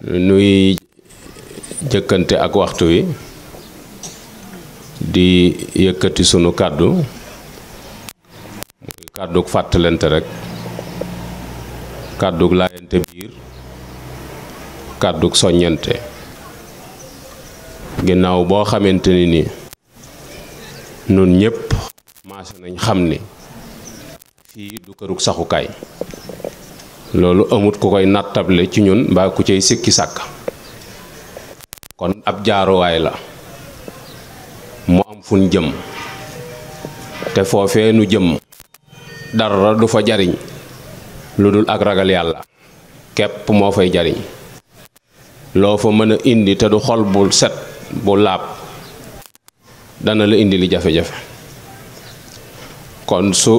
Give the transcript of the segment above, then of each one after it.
nuy jëkkante ak waxtu wi di yëkkati sunu kàddu muy kàddug fàttalante rekk kàddug laayante biir kàddug soññante ginnaaw boo xamante ni ni nun ñépp maase nañ xam ni fii du kërug saxukaay loolu amut ku koy nattable ci ñun mbaa ku cay sikki sàkk kon ab jaaruwaay la mu am fun jëm te foofee nu jëm dara du fa jariñ lu dul ak ragal yàlla képp moo fay jariñ loo fa mën a indi te du xol bu set bu laab dana la indi li jafe-jafe kon su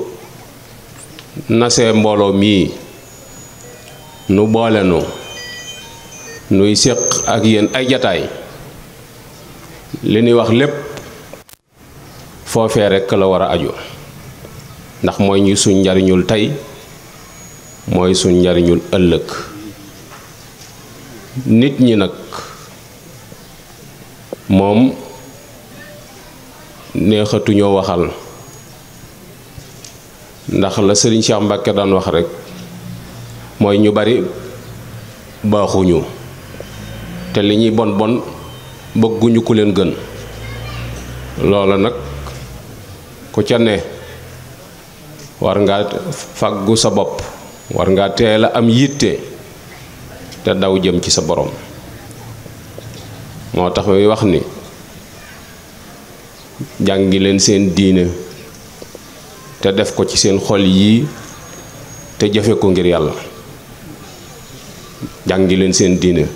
nasee mbooloo mii nu boole nuy séq ak yéen ay jataay li ñuy wax lépp foofe rekk la war a aju ndax mooy ñu suñ njariñul tey mooy suñ njariñul ëllëg nit ñi nag moom neexatuñoo waxal ndax la sëriñ Cheikh Mbàkke daan wax rekk mooy ñu bari baaxuñu te li ñuy bon bon bëgguñu ku leen gën loola nag ku ca ne war ngaa fàggu sa bopp war ngaa teel a am yitte te daw jëm ci sa borom moo tax muy wax ni jàngi leen seen diine te def ko ci seen xol yii te jëfe ko ngir yàlla ji leen seen diine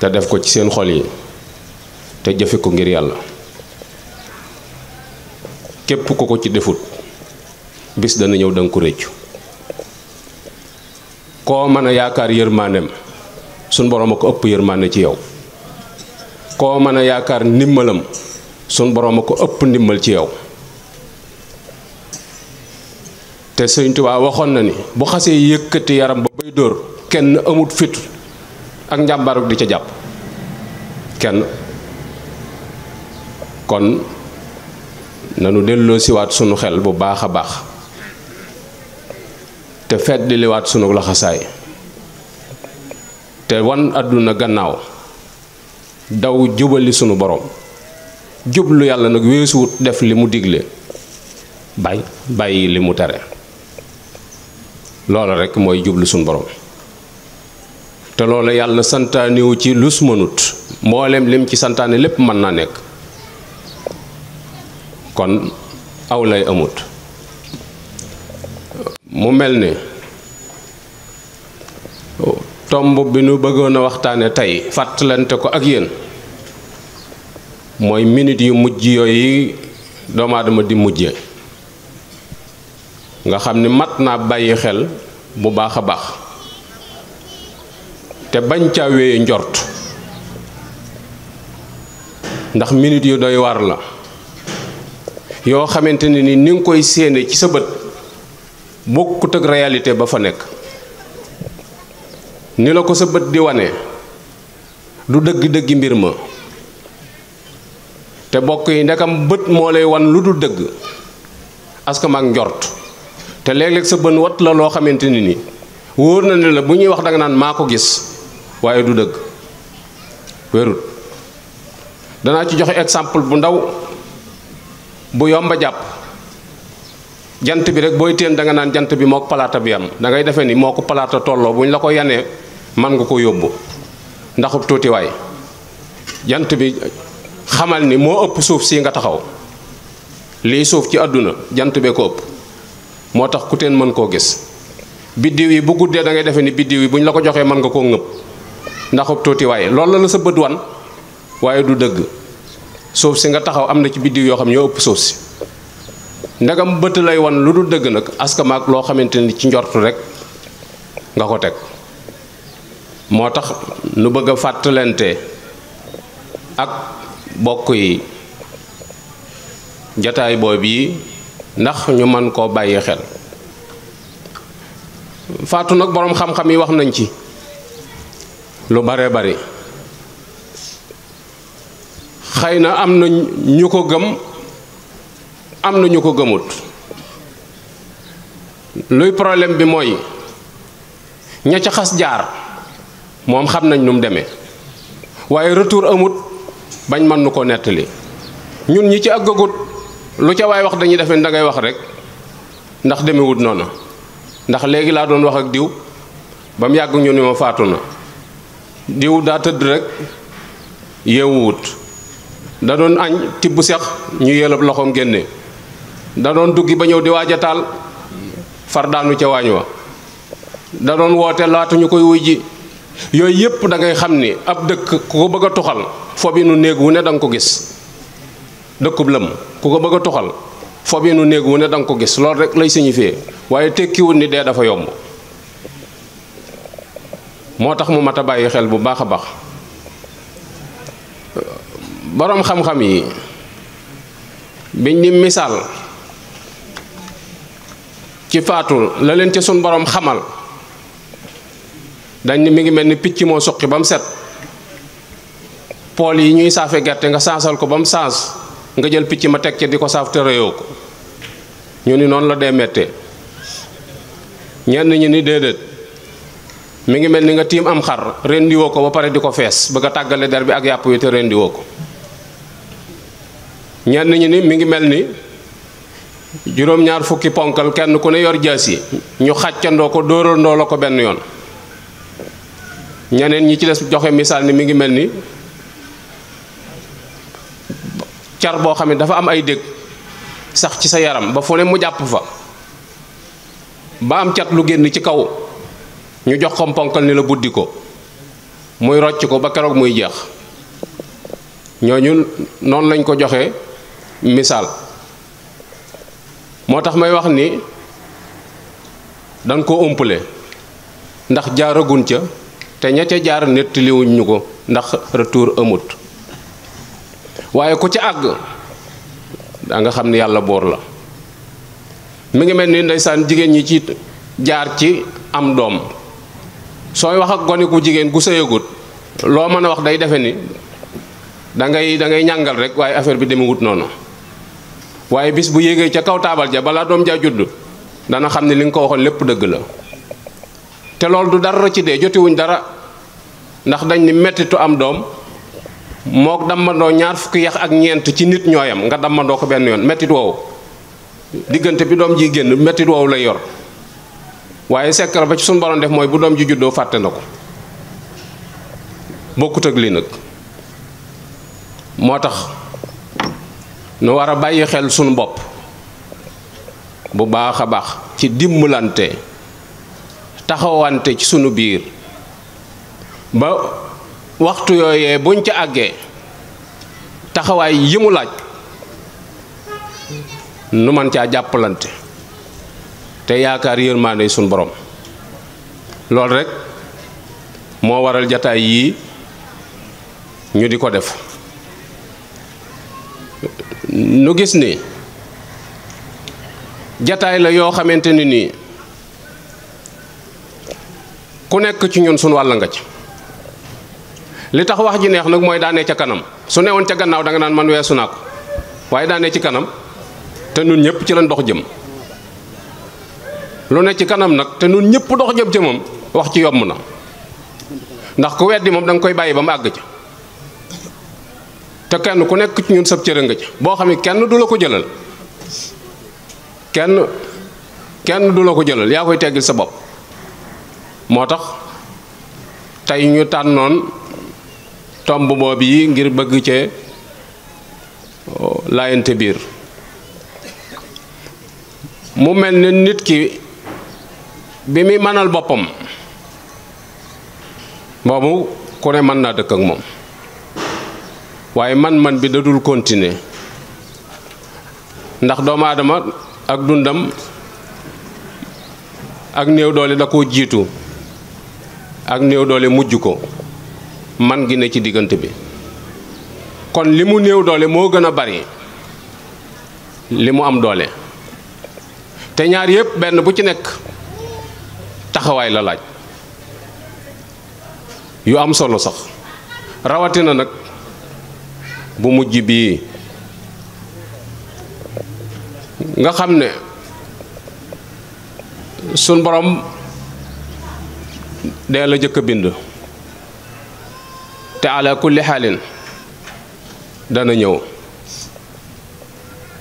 te def ko ci seen xol yi te jëfe ko ngir yàlla képp ku ko ci defut bis dana ñëw danga ko réccu koo mën a yaakaar yërmaaneem sun boroom a ko ëpp yërmaane ci yow koo mën a yaakaar ndimbalam suñ boroom a ko ëpp ndimmal ci yow té sëñ tubaa waxon na ni bu xasse yëkëti yaram ba bay dor kenn amut fit ak njambaruk di ca japp kenn kon nanu ci wat sunu xel bu baax a baax te fedd liwaat sunu laxasaay te wan dau gannaaw daw jubali sunu borom jublu yalla nak weesuwut def li mu digle bay bay li mu loola rek mooy jublu sun borom te loola yàlla wu ci lus mënut mboolem lim ci santaane lépp mën naa nekk kon aw lay amut mu mel ni tomb bi nu bëggoon a waxtaane tey fàttalante ko ak yéen mooy minute yu mujj yooyu doomu di mujjee nga xam ni mat naa bàyyi xel mu baax a baax te bañ ca wéye njort ndax minute yu doy waar la yoo xamante ne ni ni nga koy séene ci sa bët bokkut ak réalité ba fa nekk ni la ko sa bët di wane du dëgg-dëggi mbir ma te bokk yi ndekam bët moo lay wan lu dul dëgg askan ak njort te léeg-léeg sa bën wat la lo xamanteni ni woor na ne la bu ñuy wax nga naan mako gis waye du dëgg wérut dana ci joxe exemple bu ndaw bu yomba japp jant bi rek boy teen da nga naan jant bi moko bi am da ngay defé ni moko ko palaata buñ la ko yanee man nga ko yóbbu ndaxub way jant bi xamal ni mo upp suuf si nga taxaw li suuf ci aduna jant be ko upp motax kuten ku ten man ko gis bidiw yi bu gudde da ngay defe ni bidiw yi buñ la ko joxee man nga ko ŋëpp ndax toti waye loolu la sa bët wan waye du deug sauf si nga taxaw amna ci bidiw yo xam ñoo upp sauf si ndagam bët lay wan lu du deug nak askama ak lo xamanteni ci njortu rek nga ko tek motax nu bëgg ak bokk yi jataay ndax ñu mën koo bàyyi xel faatu nag boroom xam-xam yi wax nañ ci lu bare bari xëy na am na ñu ko gëm am na ñu ko gëmut luy problème bi mooy ña ca xas jaar moom xam nañ nu demee waaye retour amut bañ mën nu ko nettali ñun ñi ci àggagut lu ca way wax dañuy def ne da wax rek ndax wut noonu ndax légui la doon wax ak diw bam yag ñu ni ma faatu diw daa teud rek yewut da doon añ tibb sex ñu yelop loxom genné da doon duggi ba ñew di waaj a ca wañu wa da doon wote latu ñu koy wuy ji ab dekk ko tuxal fobi ne dang ko gis dëkkub lëm ku ko bëgg a toxal fob yi nu néeg wu ne danga ko gis loolu rek lay signifié waaye tekkiwul ni dee dafa yomb moo tax mu mat a bàyyi xel bu baax a baax boroom xam-xam yi biñ ni misaal ci faatul la leen ci sun boroom xamal dañ ni mi ngi mel ni picc moo suqi ba mu set pool yi ñuy saafe gerte nga saasal ko ba mu saas nga jël picc ma teg ci diko saaf te réyoo ko ñu ni noonu la dee méttee ñenn ñi ni déedéet mi ngi mel ni nga tiim am xar rendiwoo ko ba pare di ko fees bëgg a tàggale der bi ak yàpp wi te rendiwoo ko ñenn ñi ni mi ngi mel ni juróom ñaar fukki ponkal kenn ku ne yor jaas yi ñu xàccandoo ko dóorandoo la ko benn yoon ñeneen ñi ci des joxe misaal ni mi ngi mel ni car kami, xamni dafa am ay deg sax ci sa yaram ba fu mu japp fa ba am ciat lu genn ci kaw ñu jox ko ponkal ni la buddiko ko muy rocc ko ba kérok muy jeex ñoñu non lañ ko joxe misal motax may wax ni dang ko umpale ndax jaaragun ca te ñata jaar netti ko ndax retour amut waaye ku ci àgg danga xam ni yàlla boor la mu ngi mel ni ndeysaan jigéen ñi ci jaar ci am doom sooy wax ak gone ku jigéen gu sëyagut loo mën a wax day defe ni dangay dangay ñàngal rek waaye affaire bi demewut noonu waaye bis bu yéegee ca kaw taabal ja balaa doom jaa judd dana xam ne li nga ko waxoon lépp dëgg la te loolu du dara ci dee jotiwuñ dara ndax dañ ni mettitu am doom mok damandoo ñaar fukki yax ak ñent ci nit ñoyam nga damandoo ko benn yoon mettit wo digënté bi dom ji génn mettit wo la yor waye sekkar ba ci sun borom def moy bu dom ji juddo faté nako bokut ak li nak motax nu war xel sun bop bu ci taxawante ci sunu biir ba waxtu yoyé buñ ci aggé taxaway yimu laaj nu man ci jàppalante té yaakar yermane sun borom loolu rek mo waral jotaay yi ñu diko def nu gis ni jotaay la yo xamanteni ni ku nekk ci ñun sun wal nga ci li tax wax ji neex nak moy daane ca kanam su neewon ca gannaaw da nga nan man weesu ko waaye ci kanam te nun ñepp ci lan dox jëm lu ne ci kanam nak te nun ñepp dox jëm ci mom wax ci yomb na ndax ku weddi mom dang koy bàyyi ba mag ci te kenn ku nekk ci ñun sab ci reeng ci bo xamni kenn du la ko jëlal kenn kenn du la ko jëlal ya koy teggil sa bop motax tay ñu tan non tomb boobu yi ngir bëgg cee laayante biir mu mel ni nit ki bi muy manal boppam boobu ku ne mën naa dëkk ak moom waaye man-man bi da kontine ndax doomu aadama ak dundam ak néew doole da koo jiitu ak néew doole mujj ko man gi ne ci diggante bi kon li mu néew doole moo gën a bari li mu am doole te ñaar yépp benn bu ci nekk taxawaay la laaj yu am solo sax rawatina nag bu mujj bii nga xam ne sun borom dee la jëkk a bind te ala kulli xaalin dana ñëw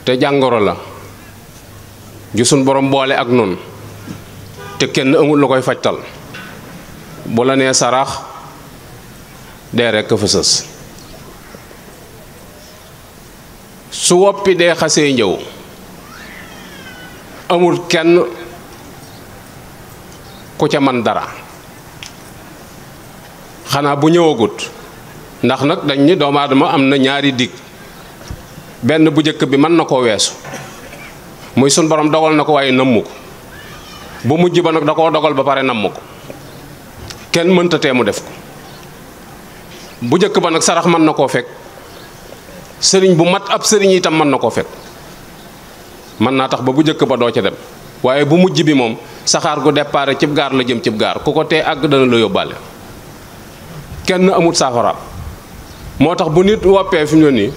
te jàngoro la ju suñ borom boole ak nun te kenn amul lu koy fajtal bu la nee saraax dee rekk fa su woppi dee xasee njëw amul kenn ku ca man dara xanaa bu ñëwagut ndax nak dañ ni doom adama am nenyari ñaari dig benn bu njëkk bi man nako wessu muy sun borom dogal nako waye namuko bu mujj ba nak dako dogal ba pare sering ken kenn mënta tee mu def ko bu njëkk ba nak sarax man nako fek fekk sëriñ bu mat ab sëriñ itam man nako fek man na tax ba bu ba do ci dem waye bu mujj bi mom saxar gu départ ci gar la jëm ci gar kuko ag dana la yobale ken amut saafara moo tax bu nit woppee fi ñu ni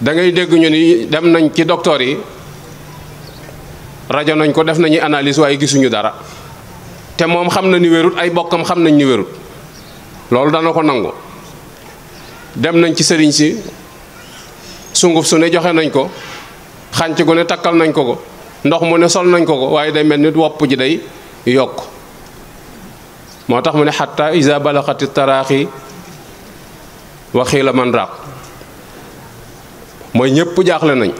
da ngay dégg ñu ni dem nañ ci docteur yi rajo nañ ko def nañu analyse waaye gisuñu dara te moom xam na ni wérut ay bokkam xam nañ ni wérut loolu dana ko nangu dem nañ ci sëriñ si sunguf su ne joxe nañ ko xànc gu nañ ko ko ndox mu ne sol nañ ko ko waaye day mel ni wopp ji day yokk moo mu ne xatta waxii la man raaq mooy ñëpp jaaxle nañ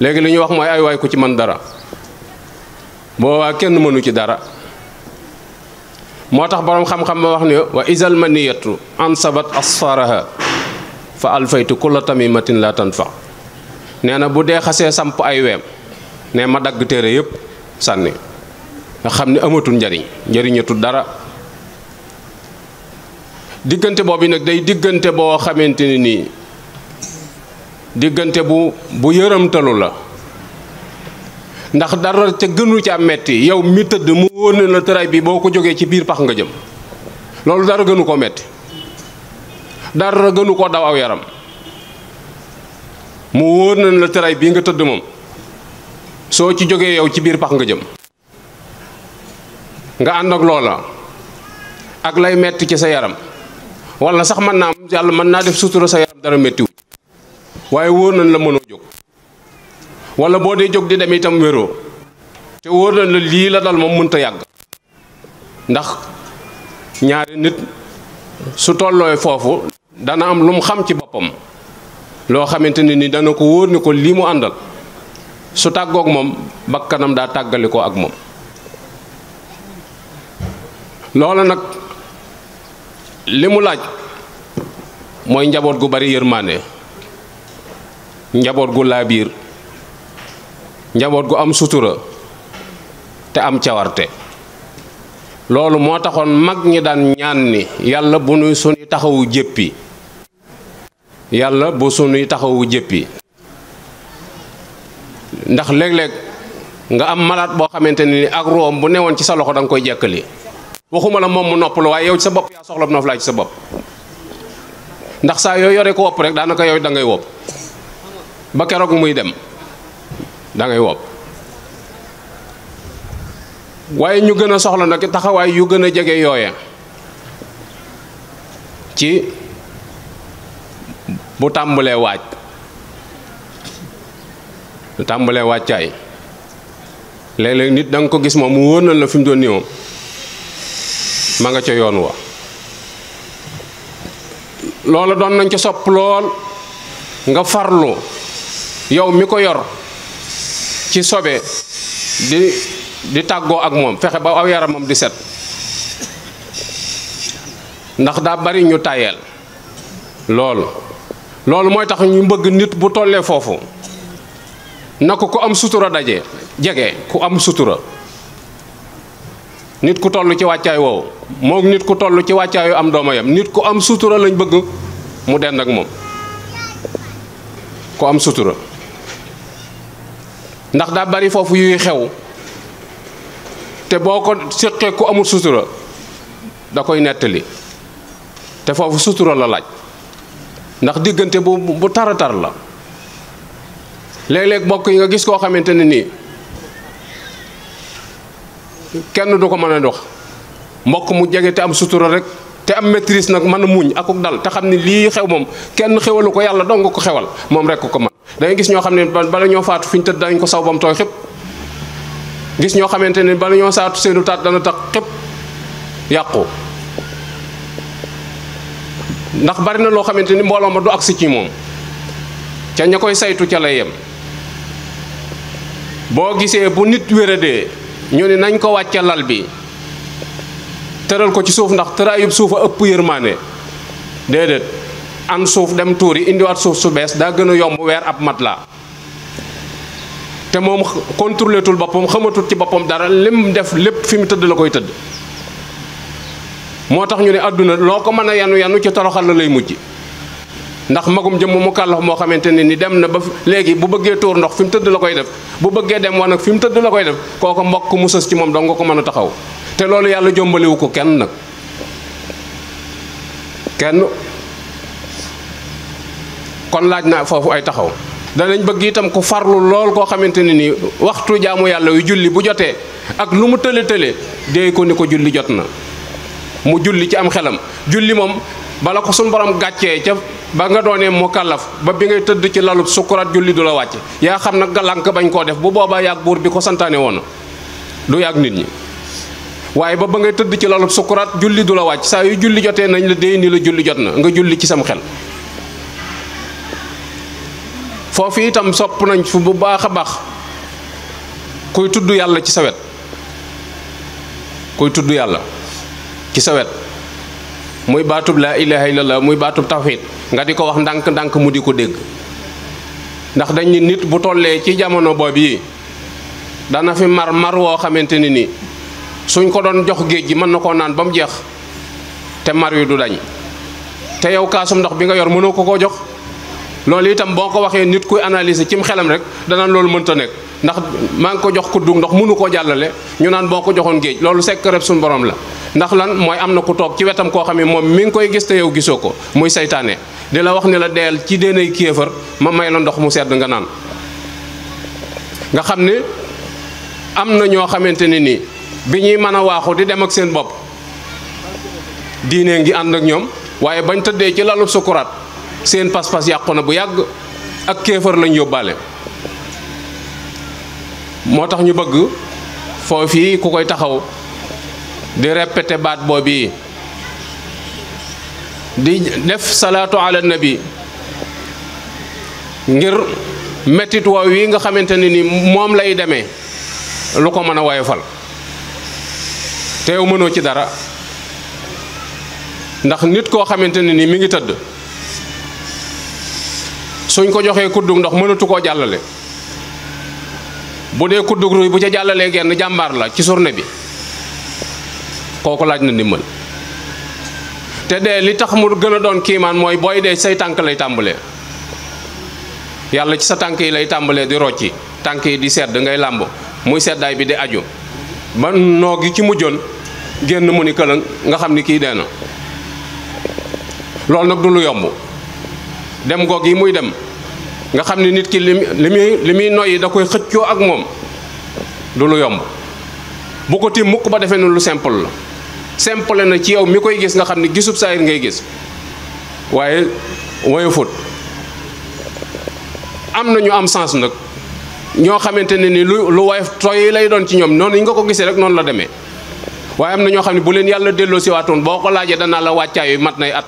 léegi li ñu wax mooy ay waay ku ci man dara boobaa kenn mënu ci dara moo tax boroom xam-xam ba wax ne wa isal maniyatu ansabat asfaraha fa alfaytu kulla tamimatin la tanfa nee na bu dee xasee samp ay weem ne ma dagg téere yépp sànni nga xam ne amatul njariñ njariñatul dara digënté bobu nak day digënté bo xamanteni ni digënté diggante bu bu yërëmtalu la ndax dara ca gënu ca metti yow mi teud mu wóor la tëraay bi boko joggé ci biir pax nga jëm lolou dara gënu ko metti dara gënu ko daw aw yaram mu wóor la tëraay bi nga teud mom so ci joggé yow ci biir pax nga jëm nga and ak ak lay metti ci sa yaram wala sax man na am yàlla mën naa def sutura sa yaram dara metti waye wóor nañ la mëno jog wala bo dé jog di dem itam wéro té wóor nañ la li la dal moom mënta yag ndax ñaari nit su dana am lum xam ci bopam lo xamanteni ni dana ko ni ko li mu andal su mom bakkanam da tàggali ak mom nak li mu laaj mooy njaboot gu bari yërmaane njaboot gu laabiir njaboot gu am sutura te am cawarte loolu moo taxoon mag ñi daan ñaan ni yàlla bu nuy sunuy taxawu jéppi yàlla bu sunuy taxawu jéppi ndax léeg-léeg nga am malaat boo xamante ni ak room bu newoon ci sa loxo danga koy jekkali waxuma la moom mu noppalu waaye yow ci sa bopp yaa soxla noflaay ci sa bopp ndax saa yoo yore ko wopp rek daanaka yow da ngay wopp ba keroog muy dem da ngay wopp waaye ñu gën a soxla nag taxawaay yu gën a jege yooya ci bu tàmbalee waaj bu tàmbalee waaj nit da nga ko gis moom mu na la fi doon nii ma nga ca yoon wa loola doon nañ ca sopp lool nga farlu yow mi ko yor ci sobe di di tàggoo ak moom fexe ba aw yaramam di set ndax daa bari ñu tayel lool loolu mooy tax ñu nit bu tollee foofu na ko am sutura daje jege ku am sutura nit ku tollu ci wàccaay woowu moom nit ku toll ci wàccaayu am dooma yam nit ku am sutura lañu bëgg mu dend ak moom ku am sutura ndax daa bari foofu yuy xew te boo ko séqee ku amul sutura da koy nettali te foofu sutura la laaj ndax diggante bu bu tara tar la léeg-léeg bokk yi nga gis koo xamante ne nii kenn du ko mën a dox mbokk mu jege te am sutura rek te am maîtrise nak man muñ ak akuk dal te xamni li xew mom kenn xewalu ko yalla dong ko xewal mom rek ko man da ngay gis ño xam ba la ño faatu fiñ teud dañ ko saw bam toy xep gis ñoo xamante ba la ño saatu seenu taat dana tax xep yaqo ndax bari na lo xamante ni ma du agsi ci mom ca ña koy saytu ca lay bu nit ñu nañ ko bi tëral ko ci suuf ndax tëraayub suufa a ëpp yërmaane déedéet an suuf dem tuuri indiwaat suuf su bees daa gën a yomb weer ab mat laa te moom contrôletul boppam xamatul ci boppam dara lim def lépp fi mu tëdd la koy tëdd moo tax ñu ne àdduna loo ko mën a yanu yanu ci toroxal la lay mujj ndax magum jëmm mu kàllax moo xamante ne ni dem na ba léegi bu bëggee tuur ndox fi mu tëdd la koy def bu bëggee dem wanag fi mu tëdd la koy def kooku mbokk mu sës ci moom dong nga ko mën a taxaw te loolu yàlla jombalewu ko kenn nag kenn kon laaj naa foofu ay taxaw danañ bëgg itam ku farlu lool koo xamante ne nii waxtu jaamu yàlla yu julli bu jotee ak lu mu tële tële dee ko ni ko julli jot na mu julli ci am xelam julli moom bala ko suñ borom gàccee ca ba nga doonee mu kàllaf ba bi ngay tëdd ci lalub sukkuraat julli du la wàcc yaa xam na galank bañ koo def bu boobaa yàgg buur bi ko santaane woon du yàgg nit ñi waye ba ba ngay tëdd ci loolu sukurat julli dula wacc sa yu julli joté nañ la déy la julli jotna nga julli ci sam xel fofu itam sop nañ fu bu baax bax koy tudd ci sawet koy tudd yalla ci sawet muy baatub la ilaha illallah muy baatub tawhid nga diko wax ndank ndank mu diko deg ndax dañ nit bu tollee ci jamono bobu dana fi mar mar wo xamanteni ni suñ ko doon jox geej gi man nako naan bam jeex te mar du dañ te yow kaasum ndox bi nga yor mëno ko ko jox loolu itam boo ko waxee nit kuy analyser cim xelam rek dana loolu mënta nekk ndax maa ngi ko jox ku dug ndox mënu ko jàllale ñu naan boo ko joxoon géej loolu sekk rek borom la ndax lan mooy am na ku toog ci wetam koo xam ne moom mi ngi koy gis te yow gisoo ko muy saytaane di la wax ni la deel ci déenay ma may la ndox mu sedd nga naan nga xam ne am na ñoo xamante biñuy mëna waxu di dem ak seen bop diine ngi and ak ñom waye bañ tëddee ci lalu sukurat seen pas-pas yàqu bu yag ak kéfer lañ yobalé motax ñu bëgg foofii ku koy taxaw di répéter baat di def salatu ala nabi ngir metit woow wi nga xamanteni ni mom lay démé lu ko mëna teew mëno ci dara ndax nit ko xamanteni ni mi ngi tëdd suñ ko joxé kuddu ndox mënatu ko jallalé bu dé kuddu ruuy bu ca jallalé genn jambar la ci surne bi koku laaj na dimbal te dé li tax mu gëna doon kiimaan moy boy dé say tank lay tambalé yalla ci sa tank yi lay tambalé di rocci tank yi di sedd ngay lamb muy seddaay bi di aju man no gi ci mujjon génn mu ni këlëng nga xam ni kii dee na loolu nag du lu yomb dem goog yi muy dem nga xam ni nit ki li muy li muy noyyi da koy xëccoo ak moom du lu yomb bu ko tiim mukk ba defee ni lu simple la simple na ci yow mi koy gis nga xam ni gisub saayir ngay gis waaye woyofut am na ñu am sens nag ñoo xamante ne ni lu lu woyof tooy lay doon ci ñoom noonu yi nga ko gisee rek noonu la demee waye amna ño xamni bu len yalla delo ci watone boko laaje dana la waccay mat nay at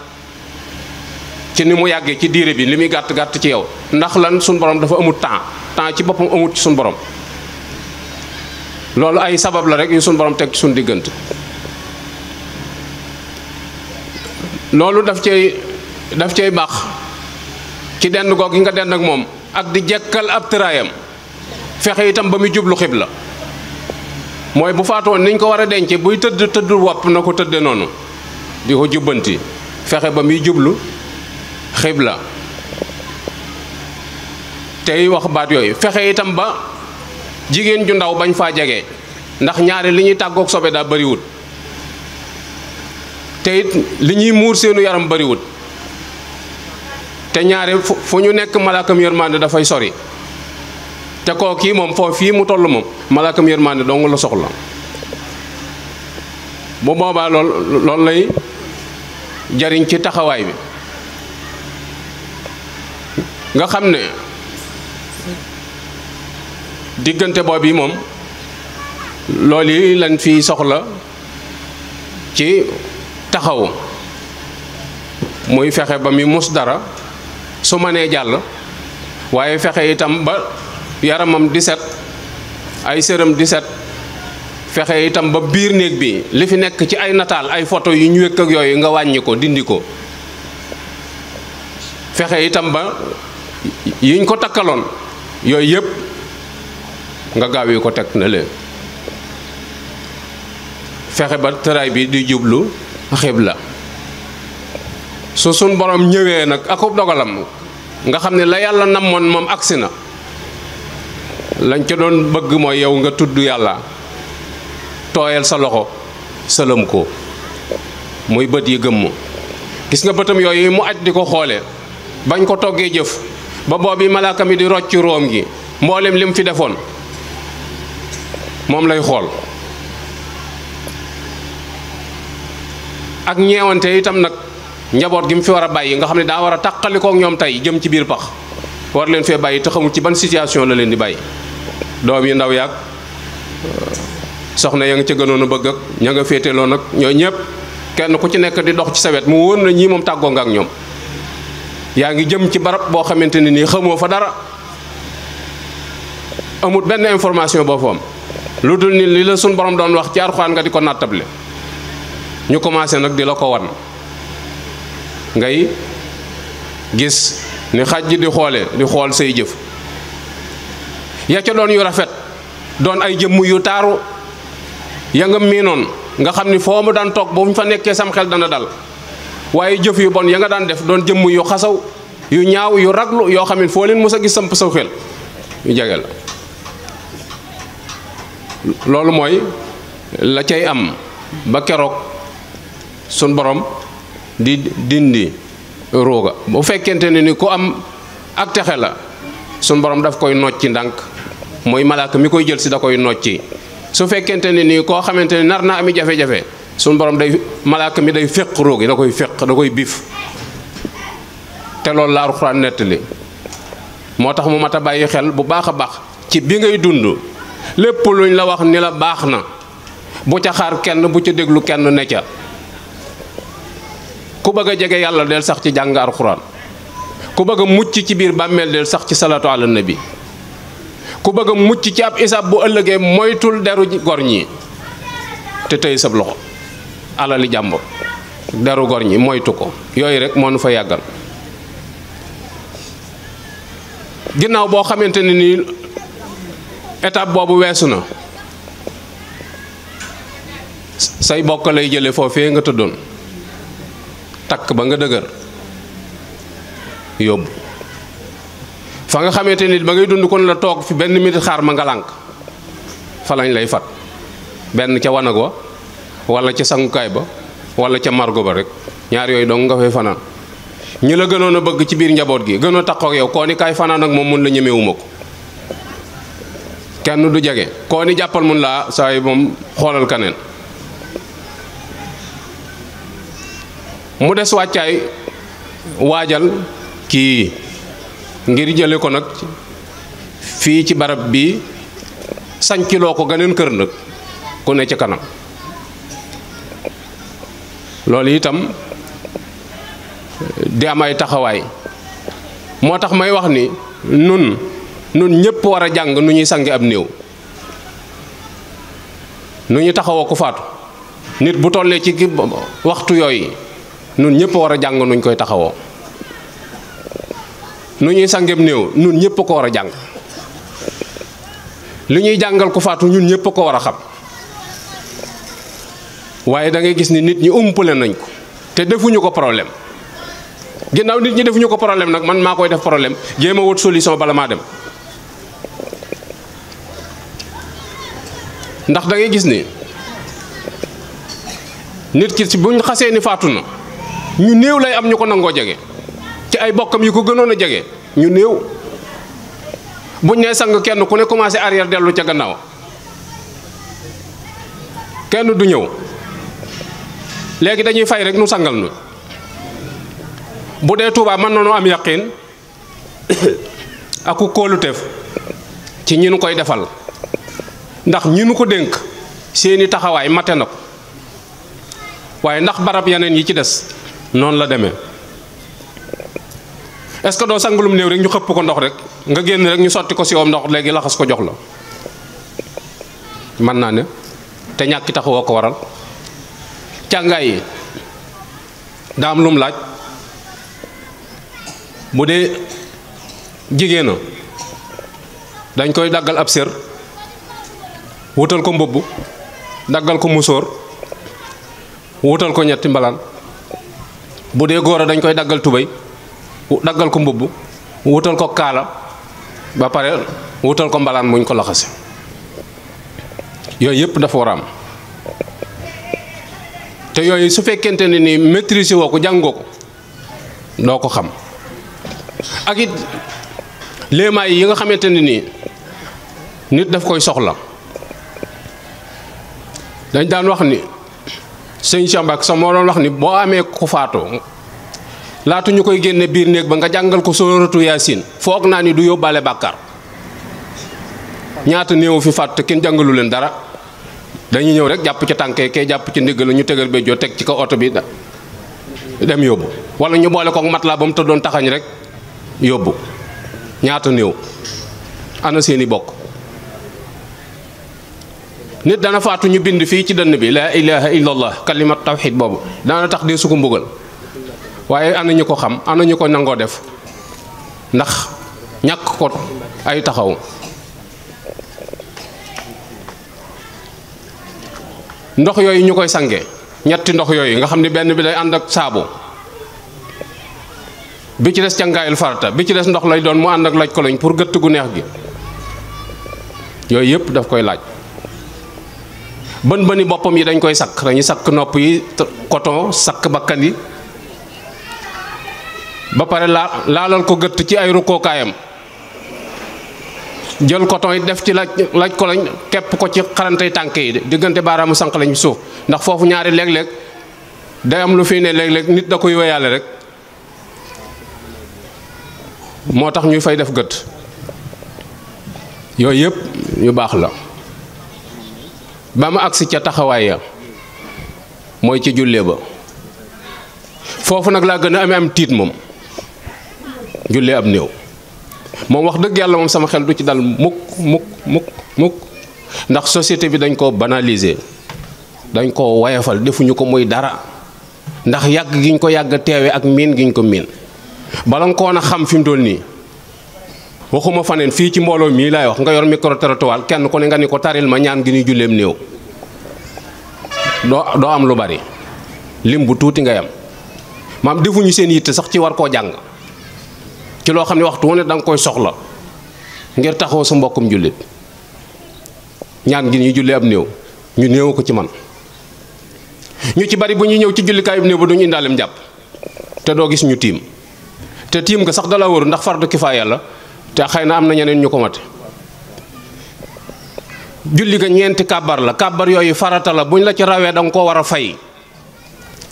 ci nimu yagge ci diire bi limi gatt gatt ci yow ndax lan sun borom dafa amul temps temps ci boppam amut ci sun borom lolou ay sabab la rek ñu sun borom tek ci sun diggante lolou daf cey daf cey bax ci dend gog yi nga ak mom ak di jekkal ab tëraayam fexe itam bamuy jublu moy bu faato niñ ko wara denc buy teud tëddul wop nako ko tëdde noonu di ko jubanti fexé ba mi jublu khibla tay wax baat yoy fexé itam ba jigen ju ndaw bañ fa jege ndax ñaari liñuy ñuy tàggoog sobe da bari wut tay liñuy mur seenu yaram wut te ñaari fu ñu malakam yermande da fay sori te koo kii moom foofu fii mu toll moom malaakam yërmaande dong la soxla bu boobaa lool loolu lay jariñ ci taxawaay bi nga xam ne diggante boobu yi moom lool yi lañ fiy soxla ci taxawu muy fexe ba muy mus dara su mënee jàll waaye fexe itam ba yaramam 17 ay sëram 17 fexé itam ba biir neeg bi li fi nek ci ay natal ay photo yu ñu wékk ak yoy nga wañiko ko fexé itam ba yiñ ko takalon yoy yeb nga gaawé ko tek na le fexé ba teray bi di jublu xebla so sun borom ñëwé nak akop dogalam nga xamné la yalla namon mom aksina na lañ ci doon bëgg mooy yow nga tudd yàlla tooyal sa loxo sëlëm ko muy bët yi gëmm gis nga bëtam yooyu mu aj di ko xoole bañ ko toggee jëf ba boobi malaaka mi di rocc room gi mboolem lim fi defoon moom lay xool ak ñeewante itam nag njaboot gi mu fi war a bàyyi nga xam ne daa war a tàqalikook ñoom tey jëm ci biir pax war leen fee bàyyi te ci ban situation la leen di bàyyi doom yi ndaw yaag eh, soxna ya nga ci gënonu bëgg ak ña nga lo nak ñoo ñëpp kenn ku ci nekk di dox ci sawet mu woon na ñi moom tàggoo nga ak ñoom yaa ngi jëm ci barab boo xamante ni nii xamoo fa dara amul benn information boo fa am lu dul ni li la sun borom doon wax ci arxaan nga di ko nattable ñu commencé nag di la ko wan ngay gis ni xaj di xoole di xool say jëf ya ca doon yu rafet doon ay jëmm yu taaru ya nga miinoon nga xam ni foo mu daan toog bu fa nekkee sam xel dana dal waaye jëf yu bon ya nga daan def doon jëmm yu xasaw yu ñaaw yu raglu yoo xam ne foo leen mos a samp saw xel yu jege la loolu la cay am ba keroog sun borom di dindi roga bu fekkente ni ku am ak texe la sun borom daf koy nocc ndànk moy malaaka mi koy jël ci da koy nocci su fekkente ni ko xamanteni narna nar ami jafe-jafe sun borom day malaaka mi day fekk roogi da koy fekk da koy bif té loolu la alquran nettali motax mu mata a xel bu baax bax ci bi ngay dund lepp luñ la wax ni la baxna na bu ca xaar kenn bu ca deglu kenn ne ca ku bëgg a yalla del sax ci jàng alquran ku bëgg mucc ci bir bammel del sax ci salatu ala nabi ku bëgg a mucc ci ab isaab bu ëllëgee moytul deru gor ñi te tey sab loxo alali jàmbur deru gor ñi moytu ko yooyu rek moo nu fa yàggal ginnaaw boo xamante ne nii étape boobu weesu na say bokk lay jële foofee nga tëddoon takk ba nga dëgër yóbbu fa nga xamante ni ba ngay dund kon la toog fi benn minute xaar ma nga lànk fa lañ lay fat benn ca wanag wa wala ca sangukaay ba wala ca margo ba rek ñaar yooyu dong nga fay fanaan ñu la gënoon a bëgg ci biir njaboot gi gënoo a taqoog yow kaay fanaan ak moom mun la ñemewuma ko kenn du jege koo jàppal mun laa saa yi moom xoolal kaneen mu des wàccaay waajal kii ngir jële ko nag fii ci barab bi sañciloo ko geneen kër nag ku ne ci kanam loolu itam di am ay taxawaay moo tax may wax ni nun nun ñépp war a jàng nu ñuy sangi am néew nu ñu taxawoo ku faatu nit bu tollee ci waxtu yooyu nun ñépp war a jàng nuñ koy taxawoo nu ñuy sangem neew ñun ñepp ko wara jang lu ñuy jangal ku faatu ñun ñepp ko wara xam waye da ngay gis ni nit ñi umpulé nañ ko té defuñu ko problème ginnaw nit ñi defuñu ko problème nak man makoy def problème jéem wut solution bala ma dem ndax da ngay gis ni nit ki ci buñ xasse ni faatu na ñu neew lay am ñuko nango ci ay bokkam yi ko gënoon a jege ñu néew buñ ne sang kenn ku ne commencé arrière dellu ca gannaaw kenn du ñëw léegi dañuy fay rek nu sangal nu bu dee Touba mën nañu am yaqin ak ku kóoluteef ci ñi nu koy defal ndax ñi nu ko dénk seeni taxawaay matte na ko waaye ndax barab yeneen yi ci des noonu la demee est ce que do sangulum new rek ñu xep ko ndox rek nga genn rek ñu soti ko ci wam ndox la xass ko jox la man na ne te ñàkk taxawoo ko waral càngaay da am lum laaj bu dee jigéena dañ koy daggal ab ser wutal ko mbobbu daggal ko musor wutal ko ñetti mbalan bu dee dañ koy daggal tubay daggal ko mbubb wutal ko kaala ba pare wutal ko mbalaan muñ ko laxase yooyu yëpp dafa war a am te yooyu su fekkente ne nii maîtrise woo ko jàngoo ko doo ko xam ak it léemaay yi nga xamante ne nii nit daf koy soxla dañ daan wax ni sëñ Cheikh Mbacke sax moo doon wax ni boo amee ku faatoo laatu ñu koy génne biir néeg ba nga jàngal ko sóoratu yaasin foog naa ni du yóbbaale bàkkaar ñaata néew fi fàtt kenn jàngalu leen dara dañuy ñëw rek jàpp ca tànkee kee jàpp ci ndigg la ñu tegal béjjoo teg ci kaw oto bi dem yóbbu wala ñu boole ko mat laa ba mu doon taxañ rek yóbbu ñaata néew ana seeni bokk nit dana faatu ñu bind fii ci dënn bi laa ilaha illallah kalimat tawxid boobu daana tax dee su ko mbugal waye amna ñu ko xam amna ñu ko def ndax ñak ko ay taxaw ndox yoy ñu koy sange ñetti ndox yoy nga xamni benn bi lay ànd ak saabu bi ci ci ngaayul farata bi ci dess ndox lay doon mu ànd ak laj lañ pour gëtt gu neex gi yoy yëpp daf koy laaj ban bani bopam yi dañ koy sak dañuy sak nopp yi coton sak bakkan yi ba pare laa laalal ko gëtt ci ay rukkookaayam jël ko yi def ci laj laj ko lañ kepp ko ci xarantey tànk yi diggante baaraamu sànq lañ suuf ndax foofu ñaari léeg-léeg day am lu fi ne léeg nit da koy wéyaale rek moo tax ñu fay def gëtt yooyu yëpp ñu baax la ba ma agsi ca taxawaay ya mooy ci julle ba foofu nag laa gën a amee am tiit moom julle ab new mom wax deug yalla mom sama xel du ci dal muk muk muk muk. ndax société bi dañ ko banaliser dañ ko wayefal defuñu ko moy dara ndax yag giñ ko yag teewe ak min giñ ko min. Balang ko na xam fi mu ni waxuma fanen fi ci mbolo mi lay wax nga yor micro-trottoir kenn ko ne nga ni ko taril ma ñaan gi ni julleem do do am lu bari lim bu gayam. Mam am maam defuñu seen yitt sax ci war ko jang ci lo xamni waxtu woné dang koy soxla ngir taxaw su mbokum julit ñaan gi ñu julé am new ñu néew ko ci man ñu ci bari bu ñu ñew ci kay néew ba duñu indalem japp te do gis ñu tim te tim ga sax la wóoru ndax fardu la te xëy ñeneen ñu ko julli ga ñent kabar la kabar yoyu farata la buñ la ci rawee dang ko wara fay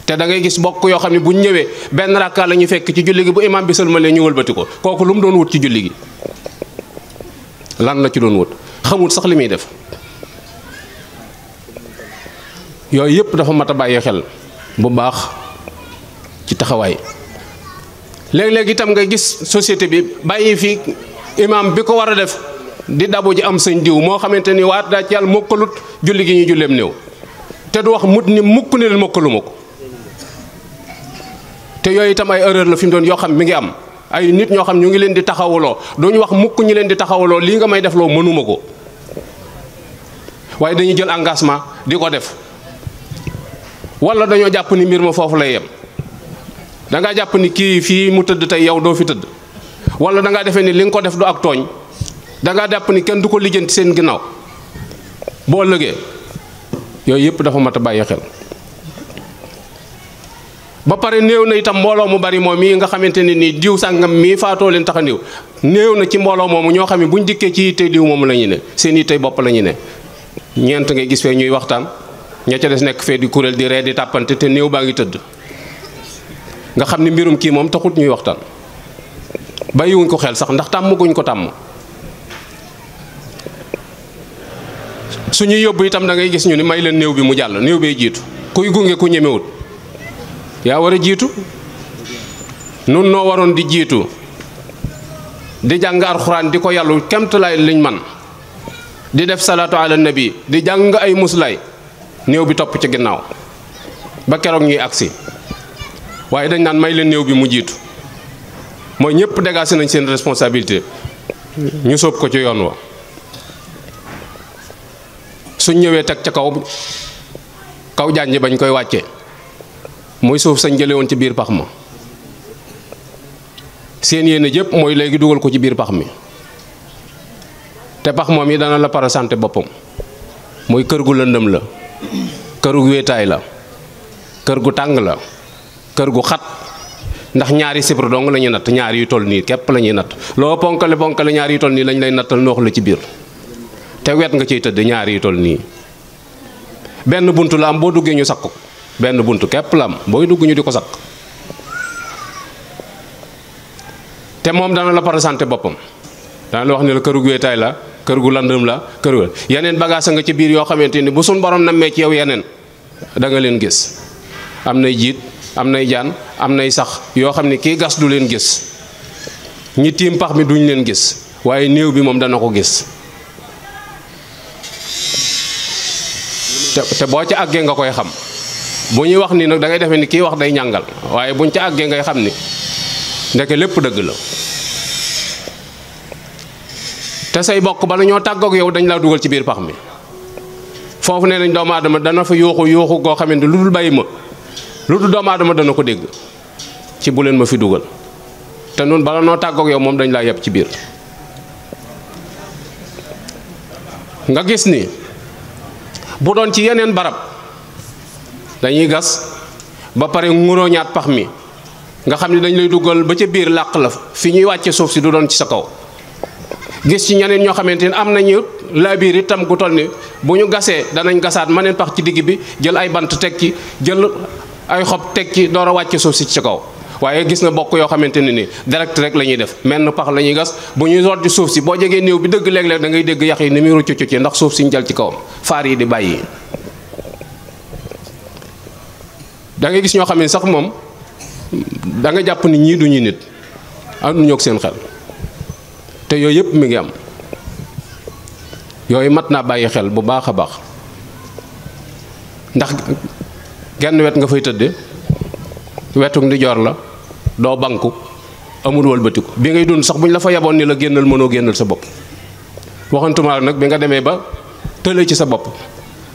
té da ngay gis bokk yo xamni bu ñëwé ben rakka la fekk ci julli gi bu imam bi sëlmalee ñu wëlbati ko koku lu mu doon wut ci julli gi lan la ci doon wut xamul sax limi def yoy yépp dafa mata baye xel bu baax ci taxaway itam nga gis société bi baye fi imam bi ko wara def di dabo ji am señ diiw mo xamanteni waat da ci yàlla mokkalut julli gi ñu jullem neew té du wax mut ni mukk ne te yoy itam ay erreur la fim doon yo xam mi ngi am ay nit ño xam ñu ngi leen di taxawulo duñu wax mukk ñi leen di taxawulo li nga may def lo mënuma ko waye dañu jël engagement di def wala dañu japp ni mbir ma fofu lay yem da nga japp ni kii fi mu teud tay yow do fi teud wala da nga defee ni li nga ko def du ak togn da nga japp ni kenn du ko lijjanti seen ginnaaw bo ëllëgee yoy yep dafa mata baye xel. ba pare néew na itam mbooloo mu bari moom mii nga xamante ne nii diw sàngam mii faatoo leen tax a néew néew na ci mbooloo moomu ñoo xam ne buñ dikkee ci yitte diw moomu la ne seen yitte bopp la ñu ne ñeent ngay gis fee ñuy waxtaan ña ca des nekk fee di kuréel di ree di tàppante te néew baa ngi tëdd nga xam ne mbirum kii moom taxut ñuy waxtaan bàyyiwuñ ko xel sax ndax tàmm guñ ko tàmm suñuy yóbbu itam da ngay gis ñu ni may leen néew bi mu jàll néew bee jiitu kuy gunge ku ñemewut Ya wara jitu nun no waron di jitu di jang alquran di ko kemt lay liñ man di def salatu ala nabi di jang ay muslay new bi top ci ginnaw ba keroog ngi aksi waye dañ nan may leen new bi mu jitu moy ñepp dégagé nañ seen responsabilité ñu sopp ko ci yoon wa suñ ñëwee tak ci kaw kaw jànj bañ koy mooy suuf sañ jële woon ci biir pax ma seen yéene jëpp mooy léegi dugal ko ci biir pax mi te pax moom yi dana la parasanté boppam mooy kër gu lëndëm la kër gu wéetaay la kër gu tàng la kër gu xat ndax ñaari sibru dong la ñuy natt ñaar yu toll nii képp lañuy natt loo ponkale ponkale ñaar yu toll nii lañ lay nattal noox la ci biir te wet nga ciy tëdd ñaar yu toll nii benn bunt la am boo duggee ñu sakku ben buntu kep lam boy dugg ñu di kosak. sakk te dana la présenté bopam dana wax ni la këru wéetaay la kër gu la kër gu bagage nga ci biir yo xamanteni bu sun borom namé ci yow yenen da nga leen gis am jitt amna am nay am sax yo xamni ki gas du leen gis ñi tim pax mi duñ leen gis waye néew bi mom dana ko gis te bo ci agge nga koy xam buñuy wax ni nak da ngay defee ni ki wax day ñangal waye buñ ci àggee ngay xamni nek lepp deug la ta say bokk lañu taggo ak yow dañ la dugal ci biir pax mi foofu nee nañ doomu aadama dana fa yoxu yoxu go xam luddul bayima luddul doom ma lu ko deg ci bu len ma fi nun bala taggo ak yow mom dañ la yeb ci biir nga gis ni bu doon ci yenen barab dañuy gas ba pare nguróoñaat pax mi nga xam ne dañ lay dugal ba ca biir làq la fi ñuy wàcce suuf si du doon ci sa kaw gis ci ñeneen ñoo xamante ne am nañu laa biir itam gu toll ni bu ñu gasee danañ gasaat ma maneen pax ci digg bi jël ay bant teg ci jël ay xob teg ci door a wàcce suuf si ci kaw waaye gis na bokk yoo xamante ne ni direct rek la ñuy def menn pax la ñuy gas bu ñuy root di suuf si boo jegee néew bi dëgg léeg-léeg da ngay dégg yax yi ni muy ruccuccu ci ndax suuf si ci kawam faar yi di bàyyi. da ngay gis ño xamné sax mom da nga japp ni ñi du ñu nit am ñok seen xel te yoy yëpp mi ngi am yoy mat naa xel bu baaxa a baax ndax genn wet nga fay tëdde wetuk ni jor la do banku amul wëlbatiku bi ngay dund sax buñ la fa yabon ni la gennal mëno gennal sa bop waxantuma nak bi nga démé ba teulé ci sa bop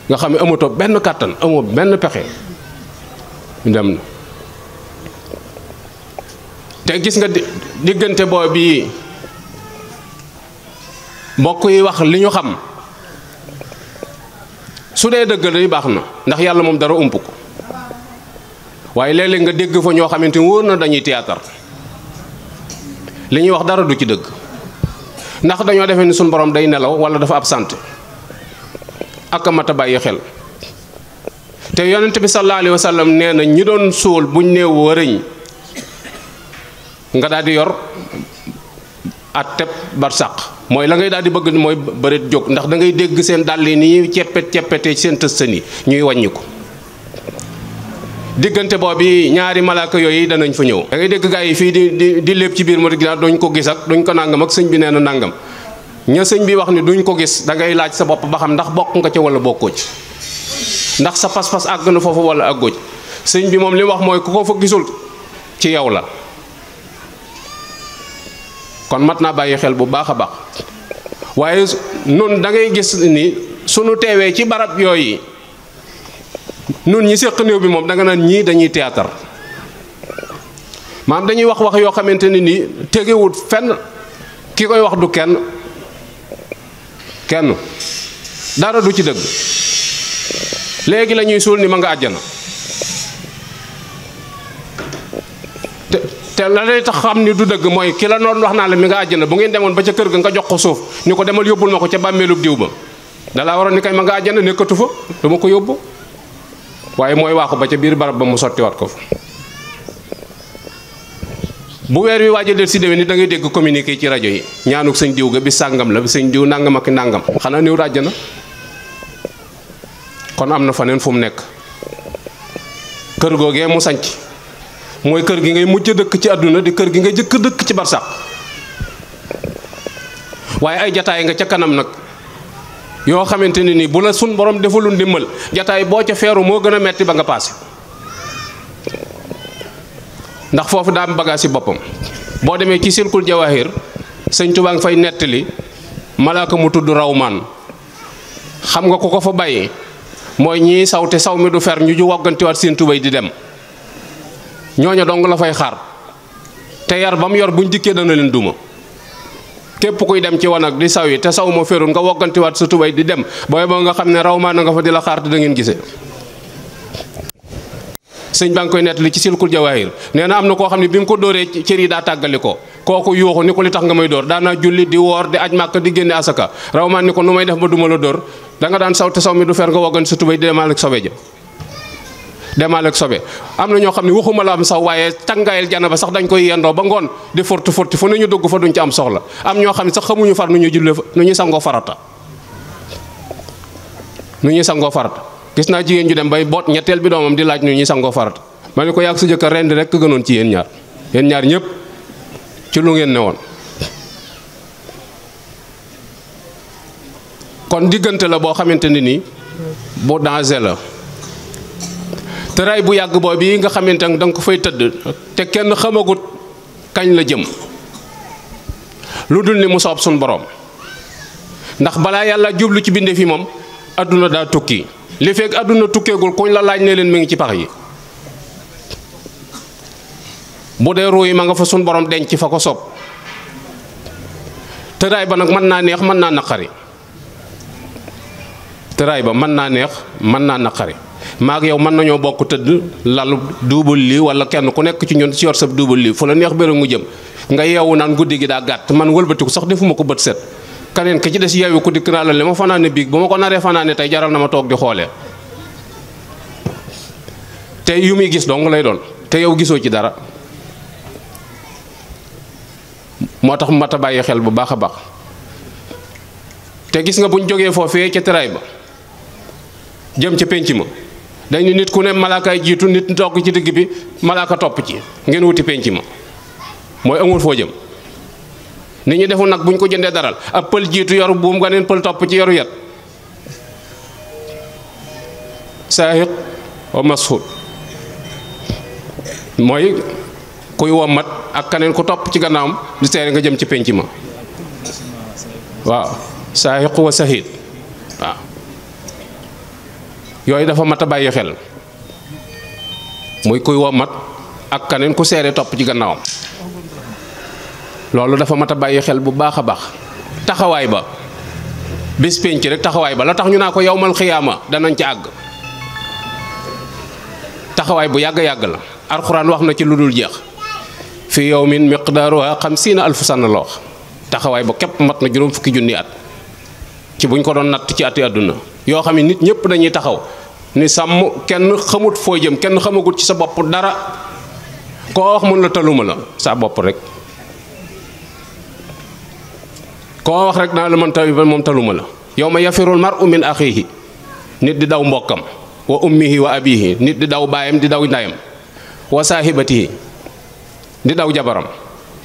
nga xamé amuto benn katan benn pexé ndam na te gis nga diggante boo bi mbokk yi wax li ñu xam su umpuk, deug lay baxna ndax yalla mom dara ump ko waaye léeg nga dégg fa ño xamanteni ni dañuy théâtre li wax dara du ci deug ndax dañoo defé ni suñu borom day nelaw wala dafa absent ak mata xel te yonent bi sallallahu alayhi wa nee na ñi doon bu ñu nee wërëñ nga daal di yor atteb barsàq mooy la ngay daal di bëgg mooy bëreet jóg ndax dangay dégg seen dàll yi nii ñuy ceppet ceppetee seen tëstan yi ñuy wàññi ko diggante boobu ñaari malaaka yooyu danañ fa ñëw. da ngay dégg gaa yi fii di di di lépp ci biir moto ginnaaw duñ ko gis ak duñ ko nàngam ak sëñ bi nee na nàngam ña sëñ bi wax ni duñ ko gis da ngay laaj sa bopp ba xam ndax bokk nga ci wala bokkoo ci. ndax sa pas-pas àgg na foofu wala ak ci sëñ bi moom li wax mooy ku ko fa gisul ci yow la kon mat naa bàyyi xel bu baax a baax waaye nun dangay gis ni sunu teewee ci barab yooyu nun ñi séq néew bi moom da naan ñii dañuy théâtre maam dañuy wax wax yoo xamante ni nii tegewut fenn ki koy wax du kenn kenn dara du ci dëgg léegi la ñuy suul ni ma nga àjjana te te la lay tax xam ni du dëgg mooy ki noon wax naa la mi nga àjjana bu ngeen demoon ba ca kër gi nga jox ko suuf ni ko demal yóbbul ma ko ca bàmmeelub diw ba dalaa waroon ni kay ma nga àjjana nekkatu fa du ko yóbbu waaye mooy waaxu ba ca biir barab ba mu sottiwaat ko fa bu weer wi waaja a del si déwén ni da ngay dégg communiqué ci rajo yi ñaanuk sëñ diw ga bi sàngam la bi sëñ diw nàngam ak nàngam xanaa néew ràjjana kon amna fanen fum nek keur goge mu sanc moy keur gi ngay mujj dëkk ci aduna di keur gi ngay jëkk dëkk ci barsax waye ay jotaay nga ca kanam nak yo xamanteni ni bu la sun borom defulun dimbal jotaay bo ca feru mo gëna metti ba nga passé ndax fofu daa am bagage ci bopam bo démé ci silkul jawahir sëñ Tuubaa nga fay malaka mu tuddu rawman xam nga fa baye moy ñi saw te saw mi du fer ñu ju wat seen tubay di dem ñoño dong la fay xaar te yar bam mu yor buñ dikkee dana len duma képp kuy dem ci ak di saw yi te saw ma ferul nga woggantiwaat sa tubay di dem boy bo nga xam ne raw nga fa di la xaar da ngeen gisee sëñ bang koy ci silkul jawahir amna ko ko ci da tagaliko koku li tax nga may da na julli di wor di ajmak di genn asaka raw ni ko def ba duma la dor da nga daan saw te saw mi du fer nga woggan sa tubéy di demaale ak sobe ja demaale ak sobe am na ñoo xam ne waxuma la am saw waaye tàngaayal jana ba sax dañ koy yendoo ba ngoon di furti furti fu ne ñu dugg fa duñu ci am soxla am ñoo xam ne sax xamuñu far nu ñuy julle nu ñuy sangoo farata nu ñuy sangoo farata gis naa jigéen ju dem bay boot ñetteel bi doomam di laaj nu ñuy sangoo farata ma ne ko yàgg sa jëkkër di rek gënoon ci yéen ñaar yéen ñëpp ci lu ngeen ne woon kon diggante la boo xamante ne nii bu danger la tëraay bu yàgg boobu yi nga xamante ne danga ko fay tëdd te kenn xamagut kañ la jëm lu dul ni mu soob suñ boroom ndax balaa yàlla jublu ci bindee fi moom àdduna daa tukki li fekk àdduna tukkeegul kuñ la laaj ne leen mi ngi ci pax yi bu dee ruu yi ma nga fa sun borom denc fa ko soob tëraay ba nag mën naa neex mën naa naqari tëraay ba man na neex mën naa naqari maag yow man nañoo bokku teud lalu dubuli li wala kenn ku nek ci ñun ci yor sa double li fu la neex beeru mu jëm nga yeewu naan guddi gi daa gàtt man wëlbatiku sax defuma ko bët set kanen ka ci dess yeewu ko dik na la li ma fanaane biig ko fanane tay jaral na ma tok di te yu gis dong lay doon te yow giso ci dara motax mata baye xel bu baakha bax te gis nga buñ jógee fofé ci jëm ci pénc ma dañu nit ku ne malaakaay jiitu nit toog ci digg bi malaaka topp ci ngeen wuti pénc ma mooy amul foo jëm nit ñi defu nag bu ñu ko jëndee daral ab pël jiitu yoru buum ganeen pël topp ci yoru yat saahiq wa mashud mooy kuy wommat ak kaneen ku topp ci gannaawam di teere nga jëm ci pénc ma waaw saahiq wa yoy dafa mata a xel muy kuy womat ak kanen ku seere top ci gannaawam loolu dafa mata a xel bu baakha bax taxaway ba bis pénc rek taxaway ba la tax ñu naa ko khiyama da nañ ci ag taxaway bu yag yag la alquran wax na ci lulul jeex fi yawmin miqdaruha xamsiina alfu sana lo wax taxawaay ba kep mat na juroom fukki junni at ci buñ ko don nat ci ati àdduna yoo nit ñepp dañuy taxaw ni sàmm kenn xamut foo jëm kenn xamagut ci sa bopp dara koo wax mën la taluma la saa bopp rek koo wax rek naa la man tawi ba moom taluma la yow ma yafirul mar u min nit di daw mbokkam wa ummihi wa abihi nit di daw baayam di daw ndayam wa saahibatihi di daw jabaram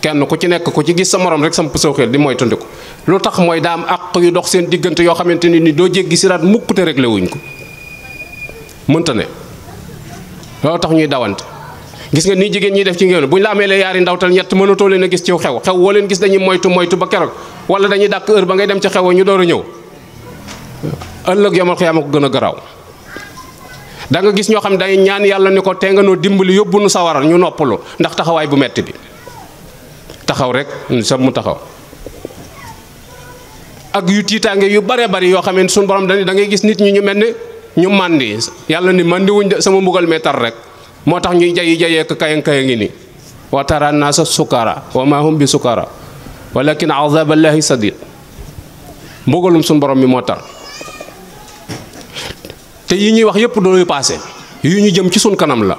kenn ku ci nekk ku ci gis sa morom rek sa saw xel di mooy lu tax mooy daa am àq yu dox seen diggante yoo xamante ni doo jéggi siraat mukkute réglé wuñ ko mënta ne loolu tax ñuy dawante gis nga ni jigéen ñi def ci ngéwél bu ñu la amee lee yaari ndawtal ñett mënatoo leen a gis ci xew xew woo leen gis dañuy moytu moytu ba keroog wala dañuy dàq heure ba ngay dem ci xew ñu door a ñëw ëllëg yomal xiyaama ko gën a garaaw danga gis ñoo xam ne day ñaan yàlla ni ko te nga noo dimbali yóbbu nu sawara ñu noppalu ndax taxawaay bu metti bi taxaw rek sa mu taxaw ak yu tiitaange yu bare bari yoo xam ne borom da mel ñu mandi yalla ni mandi wuñ de sama mbugal metar rek motax ñuy jayi jayee ka kayang kayang ini wa tara nasa sukara wa ma hum bi sukara walakin azab allah sadid mbugalum sun borom mi motar te yi ñuy wax yépp lay passé yu ñu jëm ci sun kanam la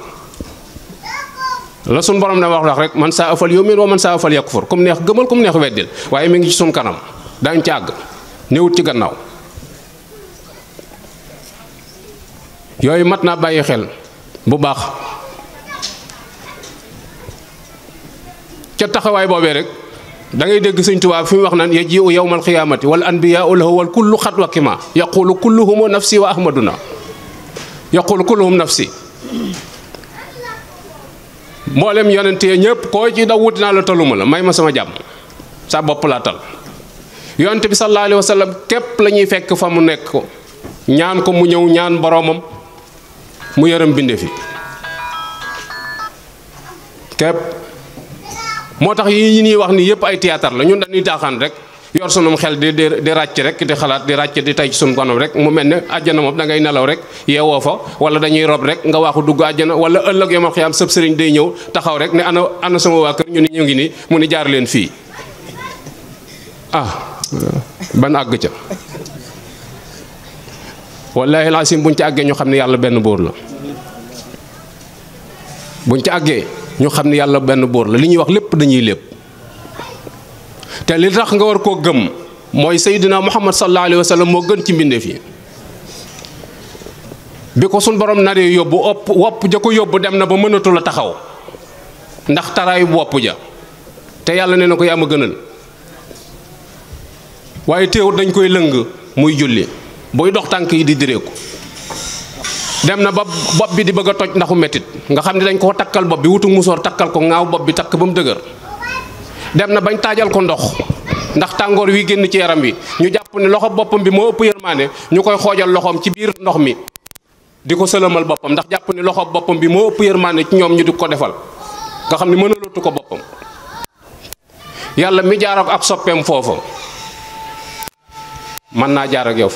la sun borom na wax rek man sa afal yumin wa man sa afal yakfur kum neex gemal kum neex weddil waye mi ngi ci sun kanam dañ ci newut ci gannaaw yooyu mat naa bàyyi xel bu baax ca taxawaay boobee rek dangay ngay dégg sëñ fi mu wax naan yajiu yawmal qiyaamati wal anbiyaau lahu wal kullu xat wa kima yaqulu kulluhum nafsi wa ahmaduna yaqulu kulluhum nafsi mboolem yonent yi ñëpp koo ci daw wuti naa la taluma la may ma sama jàmm sa bopp laa tal yonent bi sallallahu alayhi wa képp la ñuy fekk fa mu nekk ko ñaan ko mu ñëw ñaan boroomam mu yaram bindee fi kep motax tax yi ñuy wax ni yépp ay théâtre la ñun dañuy taxan rek yor sunum xel di di di rek di xalaat di ràcc di tay ci sunu gono rek mu melni aljana àjjana da ngay nelaw rek yewoo fa wala dañuy rob rek nga waxu dugg aljana wala ëllëg yomal xiyam sëb sëriñ day ñëw taxaw rek ne ana ana sama waa kër ñu ni ñu ngi ni mu ni jaar leen fii ah ban àgg ca wallaahi laasim buñ ci àggee ñu xam ne yàlla benn buur la buñ ci àggee ñu xam ne yàlla benn buur la li ñuy wax lépp dañuy lépp te li tax nga war koo gëm mooy sayyidina muhammad salaale alayhi wa moo gën ci mbindeef yi bi ko suñ borom naree yóbbu opp wopp ja ko yóbbu dem na ba mënatul a taxaw ndax taraayu wopp ja te yàlla ne na ko yaa ma gënal waaye teewut dañ koy lëng muy julli boy dox tank yi di ko dem na bob bi di bëgg toj ndaxu metit nga xamni dañ ko takkal bob bi wutu musor takkal ko ngaaw bob bi tak bam mu dem na bañ tajal ko ndox ndax tangor wi genn ci yaram wi ñu japp ni loxo bopam bi mo upp yermane ñukoy xojal loxom ci bir ndox mi di selamal bopam ndax japp ni loxo bopam bi mo upp yermane ci ñom ñu di ko defal nga xamni ne mënalootu ko bopam yalla mi jaar ak soppeem fofu man na jaar ak yow